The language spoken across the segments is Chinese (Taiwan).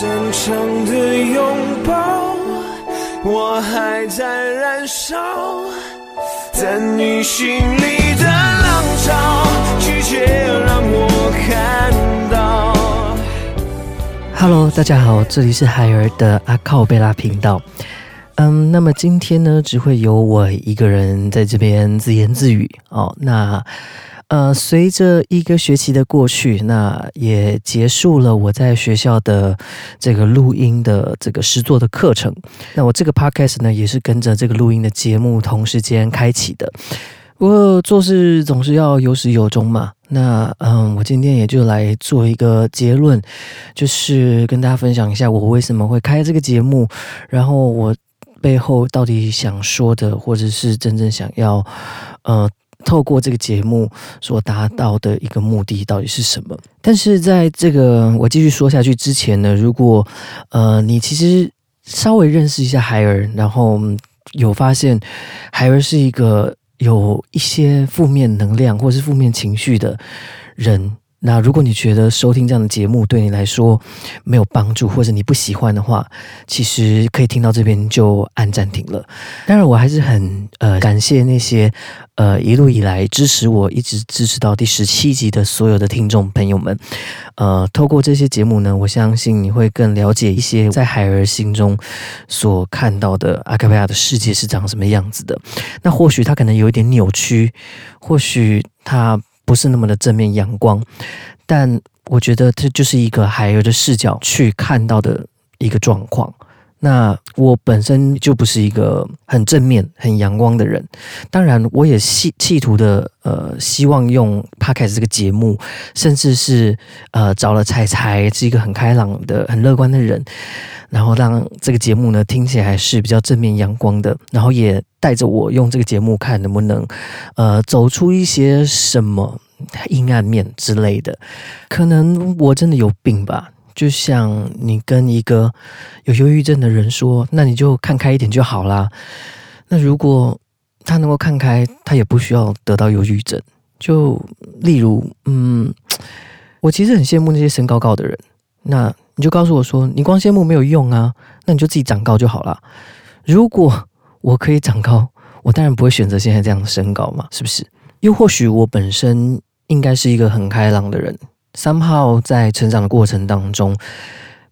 真誠的擁抱，我還在燃燒，在你心裡的浪潮拒絕讓我看到。Hello，大家好，這裡是海爾的阿靠貝拉頻道。嗯，那麼今天呢，只會有我一個人在這邊自言自語哦。那。呃，隨着一個學期的過去，那也結束了我在學校的這個錄音的這個實作的課程。那我這個 podcast 呢，也是跟着這個錄音的節目同時間開啟的。呃，不過做事總是要有始有終嘛。那嗯，我今天也就來做一個結論，就是跟大家分享一下我為什麼會開這個節目，然後我背後到底想說的，或者是真正想要呃。透過這個節目所達到的一個目的到底是什麼？但是在這個我繼續說下去之前呢，如果呃你其實稍微認識一下海爾，然後有發現海爾是一個有一些負面能量或是負面情緒的人。那如果你覺得收聽這樣的節目對你來說沒有幫助，或者你不喜歡的話，其實可以聽到這邊就按暫停了。當然我還是很呃感謝那些呃一路以來支持我一直支持到第十七集的所有的聽眾朋友們。呃，透過這些節目呢，我相信你會更了解一些在海兒心中所看到的阿卡貝拉的世界是長什麼樣子的。那或許他可能有一點扭曲，或許他。不是那麼的正面陽光，但我覺得這就是一個孩子的視角去看到的一個狀況。那我本身就不是一個很正面、很陽光的人，當然我也希企圖的呃，希望用 Podcast 這個節目，甚至是呃找了彩彩，是一個很開朗的、很樂觀的人，然後讓這個節目呢，聽起來是比較正面陽光的，然後也帶着我用這個節目看能不能呃走出一些什麼。陰暗面之類的，可能我真的有病吧？就像你跟一個有憂鬱症的人說，那你就看開一點就好啦。那如果他能夠看開，他也不需要得到憂鬱症。就例如，嗯，我其實很羨慕那些身高高的人。那你就告訴我說，你光羨慕沒有用啊。那你就自己長高就好了。如果我可以長高，我當然不會選擇現在這樣的身高嘛，是不是？又或許我本身。應該是一個很開朗的人。三號在成長的過程當中，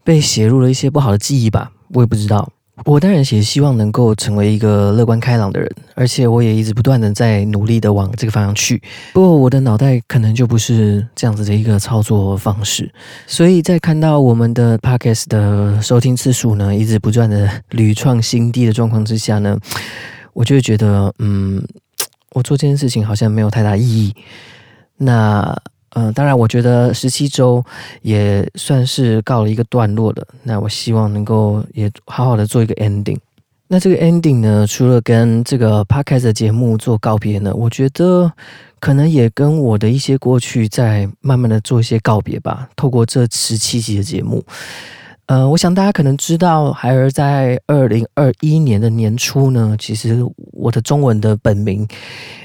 被寫入了一些不好的記憶吧？我也不知道。我當然也希望能夠成為一個樂觀開朗的人，而且我也一直不斷的在努力的往這個方向去。不過我的腦袋可能就不是這樣子的一個操作方式，所以在看到我們的 podcast 的收聽次數呢，一直不斷的屢創新低的狀況之下呢，我就會覺得，嗯，我做這件事情好像沒有太大意義。那嗯，呃，當然，我覺得十七週也算是告了一個段落了。那我希望能夠也好好的做一個 ending。那這個 ending 呢，除了跟這個 podcast 的節目做告別呢，我覺得可能也跟我的一些過去在慢慢的做一些告別吧。透過這十七集的節目，呃，我想大家可能知道，孩兒在二零二一年的年初呢，其實我的中文的本名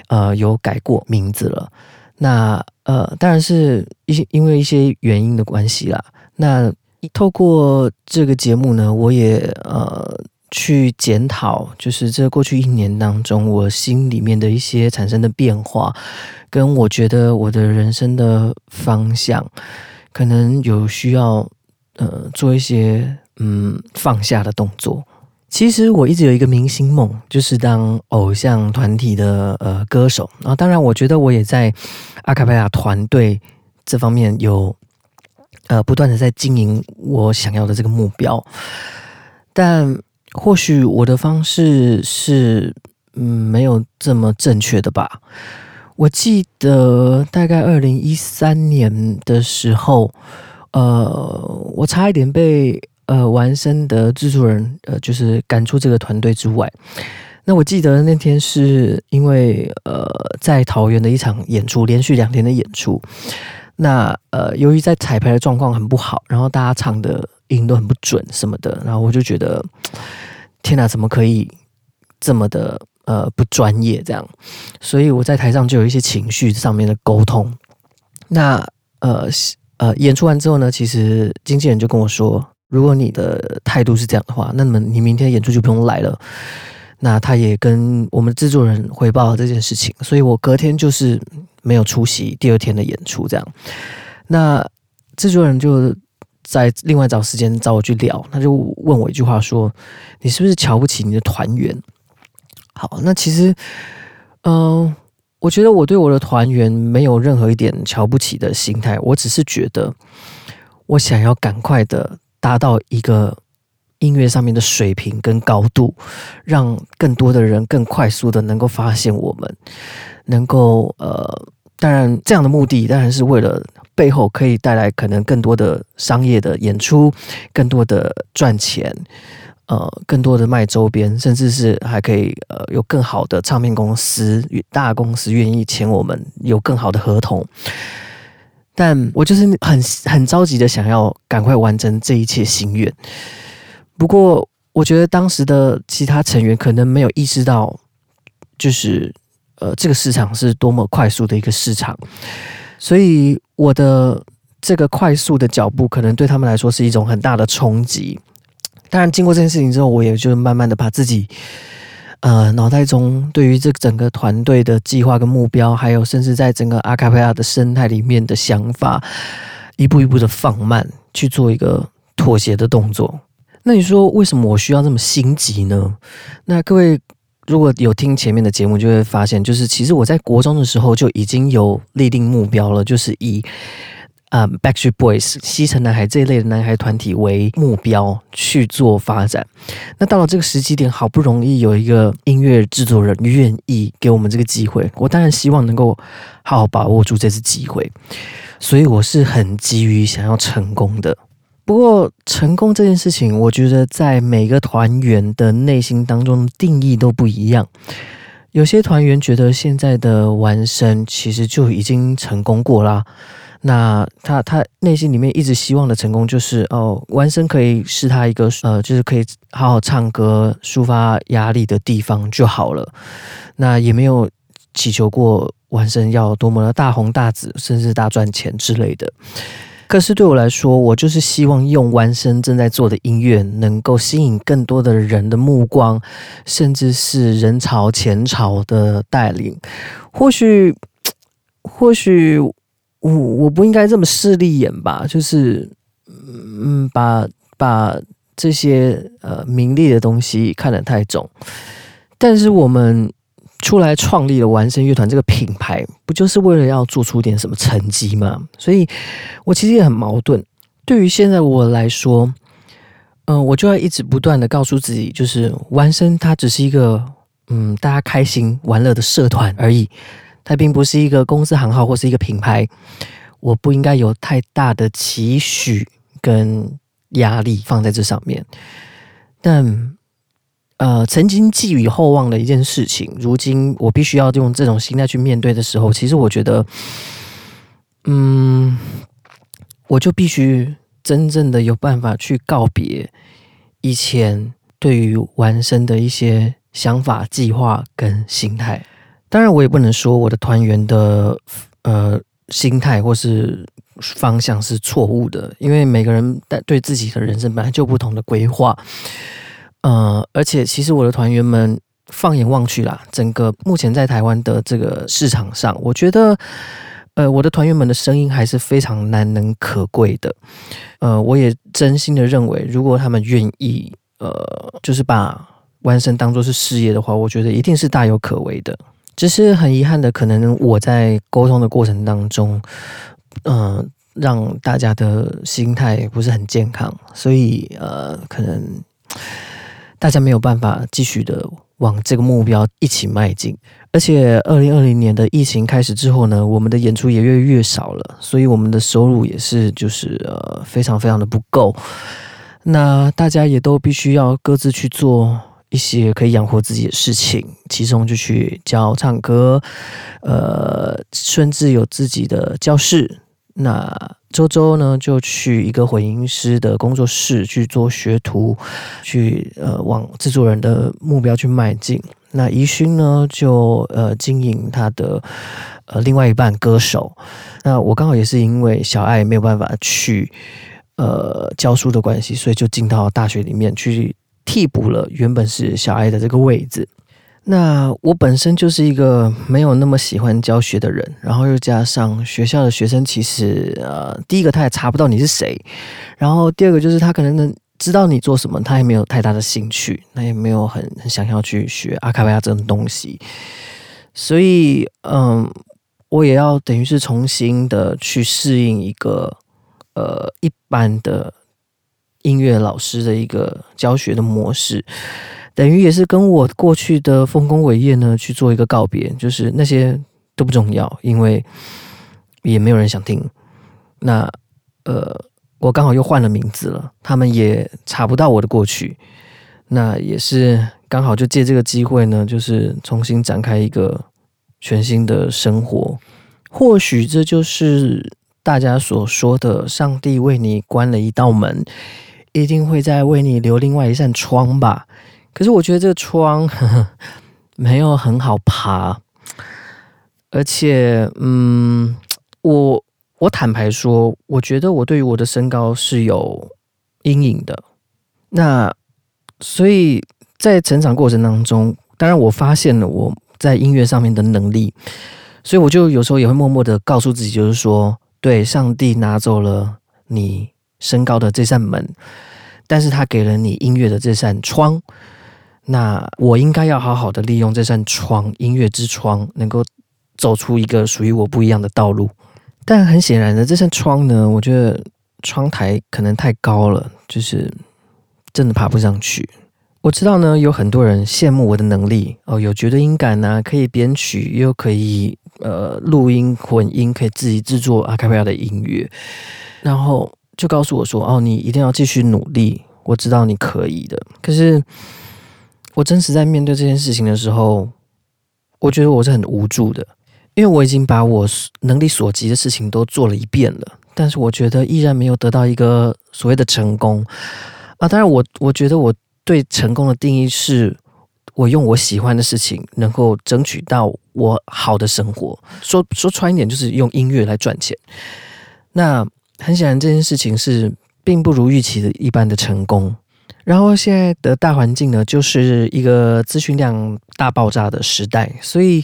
呃有改過名字了。那呃，當然是一些因為一些原因的關係啦。那透過這個節目呢，我也呃去檢討，就是這過去一年當中，我心裡面的一些產生的變化，跟我覺得我的人生的方向，可能有需要呃做一些嗯放下的動作。其實我一直有一個明星夢，就是當偶像團體的呃歌手啊。然後當然，我覺得我也在阿卡貝拉團隊這方面有呃不斷的在經營我想要的這個目標，但或許我的方式是嗯沒有這麼正確的吧。我記得大概二零一三年的時候，呃，我差一點被呃完勝的製作人呃就是趕出這個團隊之外。那我記得那天是因為呃，在桃園的一場演出，連續兩天的演出。那呃，由於在彩排的狀況很不好，然後大家唱的音都很不準什麼的，然後我就覺得天哪，怎麼可以這麼的呃不專業這樣？所以我在台上就有一些情緒上面的溝通。那呃呃，演出完之後呢，其實經紀人就跟我說，如果你的態度是這樣的話，那麼你明天演出就不用來了。那他也跟我們製作人回報了這件事情，所以我隔天就是沒有出席第二天的演出。這樣，那製作人就在另外找時間找我去聊，他就問我一句話說：“你是不是瞧不起你的團員？”好，那其實，嗯、呃，我覺得我對我的團員沒有任何一點瞧不起的心態，我只是覺得我想要趕快的達到一個。音樂上面的水平跟高度，讓更多的人更快速的能夠發現我們，能夠呃，當然這樣的目的當然是為了背後可以帶來可能更多的商業的演出，更多的賺錢，呃，更多的賣周邊，甚至是還可以呃，有更好的唱片公司與大公司願意簽我們，有更好的合同。但我就是很很着急的想要趕快完成這一切心願。不過，我覺得當時的其他成員可能沒有意識到，就是呃，這個市場是多麼快速的一個市場，所以我的這個快速的腳步可能對他們來說是一種很大的衝擊。當然，經過這件事情之後，我也就慢慢的把自己呃腦袋中對於這整個團隊的計劃跟目標，還有甚至在整個阿卡貝拉的生態裡面的想法，一步一步的放慢，去做一個妥協的動作。那你說為什麼我需要這麼心急呢？那各位如果有聽前面的節目，就會發現，就是其實我在國中的時候就已經有立定目標了，就是以啊 Backstreet Boys 西城男孩這一類的男孩團體為目標去做發展。那到了這個時機點，好不容易有一個音樂製作人願意給我們這個機會，我當然希望能夠好好把握住這次機會，所以我是很急於想要成功的。不過，成功這件事情，我覺得在每個團員的內心當中定義都不一樣。有些團員覺得現在的完生其實就已經成功過啦。那他他內心裡面一直希望的成功就是哦，完生可以是他一個呃，就是可以好好唱歌、抒發壓力的地方就好了。那也沒有祈求過完生要多麼的大紅大紫，甚至大賺錢之類的。可是對我來說，我就是希望用完生正在做的音樂，能夠吸引更多的人的目光，甚至是人潮前潮的帶領。或許，或許我我不應該這麼勢利眼吧，就是，嗯，把把這些呃名利的東西看得太重。但是我們。出來創立了玩聲樂團這個品牌，不就是為了要做出點什麼成績嗎？所以，我其實也很矛盾。對於現在我來說，嗯、呃，我就要一直不斷地告訴自己，就是玩聲它只是一個嗯，大家開心玩樂的社團而已，它並不是一個公司行號或是一個品牌。我不應該有太大的期許跟壓力放在這上面，但。呃，曾經寄予厚望的一件事情，如今我必須要用這種心態去面對的時候，其實我覺得，嗯，我就必須真正的有辦法去告別以前對於完生的一些想法、計劃跟心態。當然，我也不能說我的團員的呃心態或是方向是錯誤的，因為每個人對自己的人生本來就有不同的規劃。呃，而且其實我的團員們放眼望去啦，整個目前在台灣的這個市場上，我覺得，呃，我的團員們的聲音還是非常難能可貴的。呃，我也真心的認為，如果他們願意，呃，就是把完成當做是事業的話，我覺得一定是大有可為的。只是很遺憾的，可能我在溝通的過程當中，呃，讓大家的心態不是很健康，所以呃，可能。大家沒有辦法繼續的往這個目標一起邁進，而且二零二零年的疫情開始之後呢，我們的演出也越來越少了，所以我們的收入也是就是呃非常非常的不夠。那大家也都必須要各自去做一些可以養活自己的事情，其中就去教唱歌，呃，甚至有自己的教室。那。周周呢，就去一個混音師的工作室去做學徒，去呃往製作人的目標去邁進。那宜勳呢，就呃經營他的呃另外一半歌手。那我剛好也是因為小愛沒有辦法去呃教書的關係，所以就進到大學裡面去替補了原本是小愛的這個位置。那我本身就是一個沒有那麼喜歡教學的人，然後又加上學校的學生，其實呃，第一個他也查不到你是誰，然後第二個就是他可能能知道你做什麼，他也沒有太大的興趣，那也沒有很很想要去學阿卡貝拉這種東西，所以嗯，我也要等於是重新的去適應一個呃一般的音樂老師的一個教學的模式。等於也是跟我過去的豐功偉業呢去做一個告別，就是那些都不重要，因為也沒有人想聽。那呃，我剛好又換了名字了，他們也查不到我的過去。那也是剛好就借這個機會呢，就是重新展開一個全新的生活。或許這就是大家所說的，上帝為你關了一道門，一定會再為你留另外一扇窗吧。可是我覺得這個窗，呵呵，沒有很好爬，而且，嗯，我我坦白說，我覺得我對於我的身高是有陰影的。那所以在成長過程當中，當然我發現了我在音樂上面的能力，所以我就有時候也會默默的告訴自己，就是說，對，上帝拿走了你身高的這扇門，但是他給了你音樂的這扇窗。那我應該要好好的利用這扇窗，音樂之窗，能夠走出一個屬於我不一樣的道路。但很顯然的，這扇窗呢，我覺得窗台可能太高了，就是真的爬不上去。我知道呢，有很多人羨慕我的能力哦，有絕對音感吶、啊，可以編曲，又可以呃錄音混音，可以自己制作阿卡貝拉的音樂，然後就告訴我說：“哦，你一定要繼續努力，我知道你可以的。”可是。我真實在面對這件事情的時候，我覺得我是很無助的，因為我已經把我能力所及的事情都做了一遍了，但是我覺得依然沒有得到一個所謂的成功。啊，當然我，我我覺得我對成功的定義是，我用我喜歡的事情能夠爭取到我好的生活。說說穿一點，就是用音樂來賺錢。那很顯然，這件事情是並不如預期的一般的成功。然後現在的大環境呢，就是一個資訊量大爆炸的時代，所以，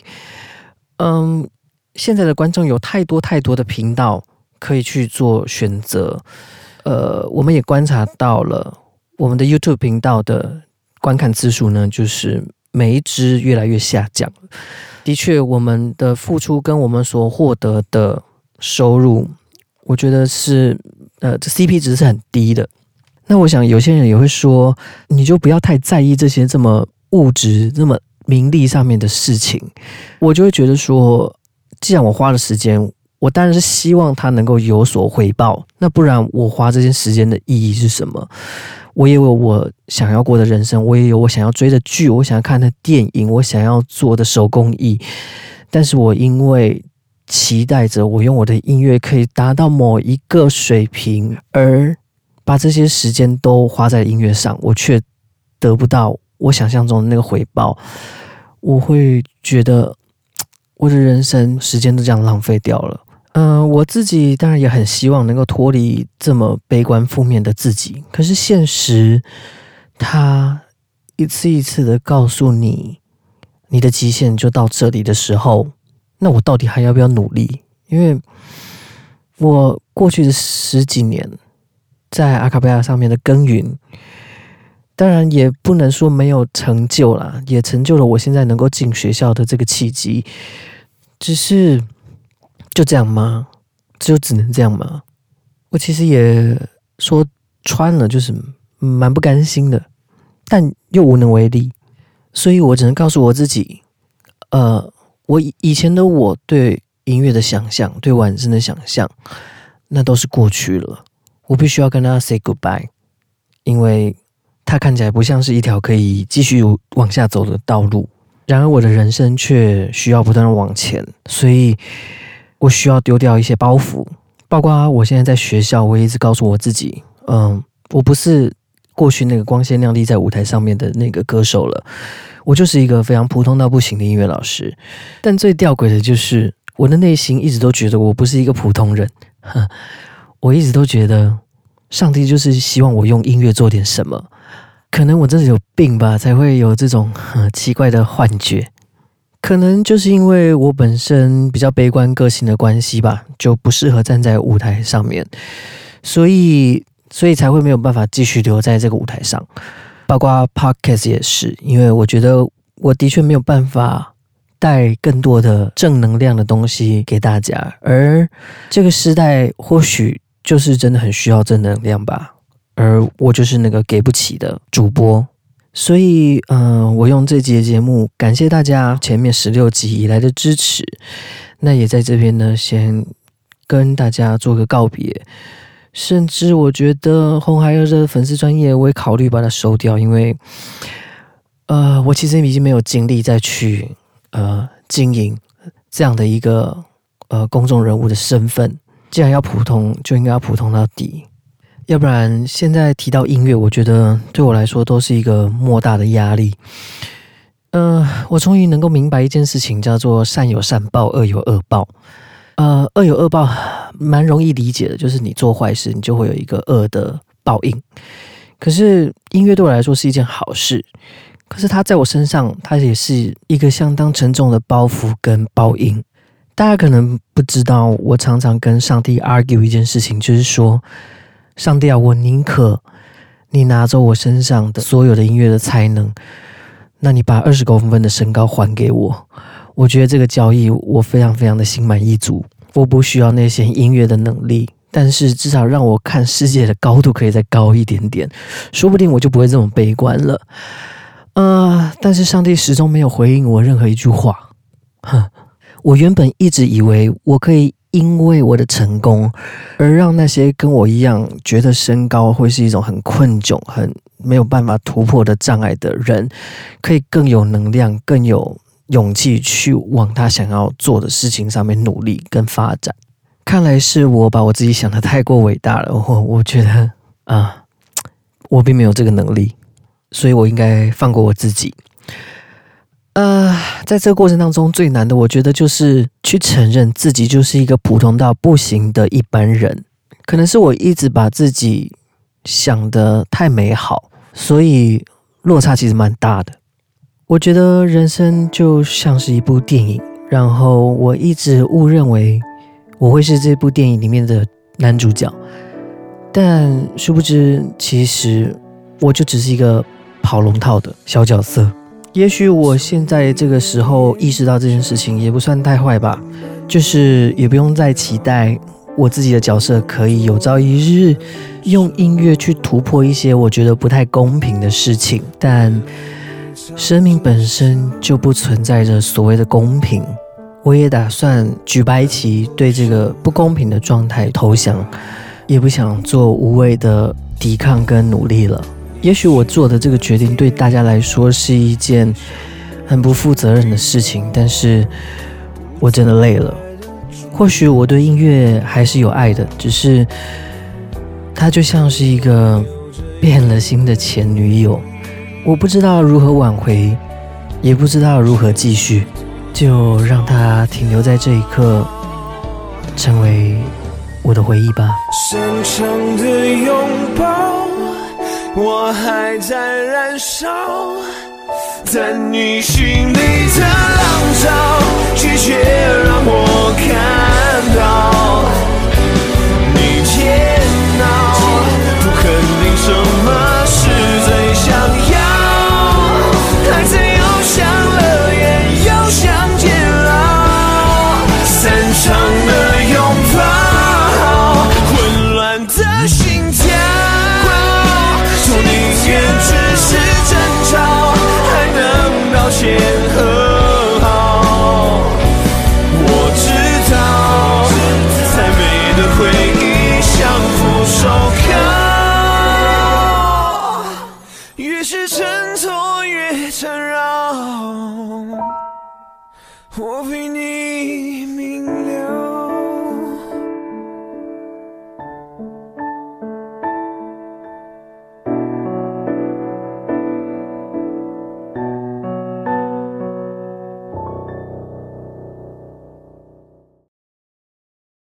嗯，現在的觀眾有太多太多的頻道可以去做選擇。呃，我們也觀察到了，我們的 YouTube 頻道的觀看次數呢，就是每一支越來越下降。的確，我們的付出跟我們所獲得的收入，我覺得是呃，這 CP 值是很低的。那我想有些人也會說，你就不要太在意這些這麼物質、這麼名利上面的事情。我就會覺得說，既然我花了時間，我當然是希望他能夠有所回報。那不然我花這些時間的意義是什麼？我也有我想要過的人生，我也有我想要追的劇，我想要看的電影，我想要做的手工藝。但是我因為期待着我用我的音樂可以達到某一個水平而。把這些時間都花在音樂上，我卻得不到我想象中的那個回報，我會覺得我的人生時間都這樣浪費掉了。嗯、呃，我自己當然也很希望能夠脫離這麼悲觀負面的自己，可是現實它一次一次的告訴你，你的極限就到這裡的時候，那我到底還要不要努力？因為我過去的十幾年。在阿卡貝拉上面的耕耘，當然也不能說沒有成就啦，也成就了我現在能夠進學校的這個契機。只是就這樣嗎？就只能這樣嗎？我其實也說穿了，就是蠻不甘心的，但又無能為力，所以我只能告訴我自己，呃，我以以前的我對音樂的想象，對人生的想象，那都是過去了。我必須要跟他 say goodbye，因為他看起來不像是一條可以繼續往下走的道路。然而，我的人生卻需要不斷的往前，所以我需要丟掉一些包袱，包括我現在在學校，我一直告訴我自己，嗯，我不是過去那個光鮮亮麗在舞台上面的那個歌手了，我就是一個非常普通到不行的音樂老師。但最吊詭的就是，我的內心一直都覺得我不是一個普通人，哼。我一直都覺得，上帝就是希望我用音樂做點什麼。可能我真的有病吧，才會有這種很奇怪的幻覺。可能就是因為我本身比較悲觀個性的關係吧，就不適合站在舞台上面，所以，所以才會沒有辦法繼續留在這個舞台上。包括 Podcast 也是，因為我覺得我的確沒有辦法帶更多的正能量的東西給大家，而這個時代或許。就是真的很需要正能量吧，而我就是那個給不起的主播，所以嗯、呃，我用這集的節目感謝大家前面十六集以來的支持，那也在這邊呢，先跟大家做個告別。甚至我覺得紅孩兒的粉絲專業，我也考慮把它收掉，因為呃，我其實已經沒有精力再去呃經營這樣的一個呃公眾人物的身份。既然要普通，就應該要普通到底，要不然現在提到音樂，我覺得對我來說都是一個莫大的壓力。嗯、呃，我終於能夠明白一件事情，叫做善有善報，惡有惡報。呃，惡有惡報，蠻容易理解的，就是你做壞事，你就會有一個惡的報應。可是音樂對我來說是一件好事，可是它在我身上，它也是一個相當沉重的包袱跟報應。大家可能不知道，我常常跟上帝 argue 一件事情，就是說，上帝啊，我寧可你拿走我身上的所有的音樂的才能，那你把二十公分的身高還給我。我覺得這個交易我非常非常的心滿意足。我不需要那些音樂的能力，但是至少讓我看世界的高度可以再高一點點，說不定我就不會這麼悲觀了。呃，但是上帝始終沒有回應我任何一句話，哼。我原本一直以為，我可以因為我的成功，而讓那些跟我一樣覺得身高會是一種很困窘、很沒有辦法突破的障礙的人，可以更有能量、更有勇氣去往他想要做的事情上面努力跟發展。看來是我把我自己想得太過偉大了，我我覺得啊，我並沒有這個能力，所以我應該放過我自己。呃、uh，在這個過程當中最難的，我覺得就是去承認自己就是一個普通到不行的一般人。可能是我一直把自己想得太美好，所以落差其實蠻大的。我覺得人生就像是一部電影，然後我一直誤認為我會是這部電影裡面的男主角，但殊不知，其實我就只是一個跑龍套的小角色。也許我現在這個時候意識到這件事情也不算太壞吧，就是也不用再期待我自己的角色可以有朝一日用音樂去突破一些我覺得不太公平的事情。但生命本身就不存在着所謂的公平，我也打算舉白旗對這個不公平的狀態投降，也不想做無謂的抵抗跟努力了。也許我做的這個決定對大家來說是一件很不負責任的事情，但是我真的累了。或許我對音樂還是有愛的，只是它就像是一個變了心的前女友，我不知道如何挽回，也不知道如何繼續，就讓它停留在這一刻，成為我的回憶吧。深我還在燃燒，在你心裡的浪潮，拒絕讓我看到。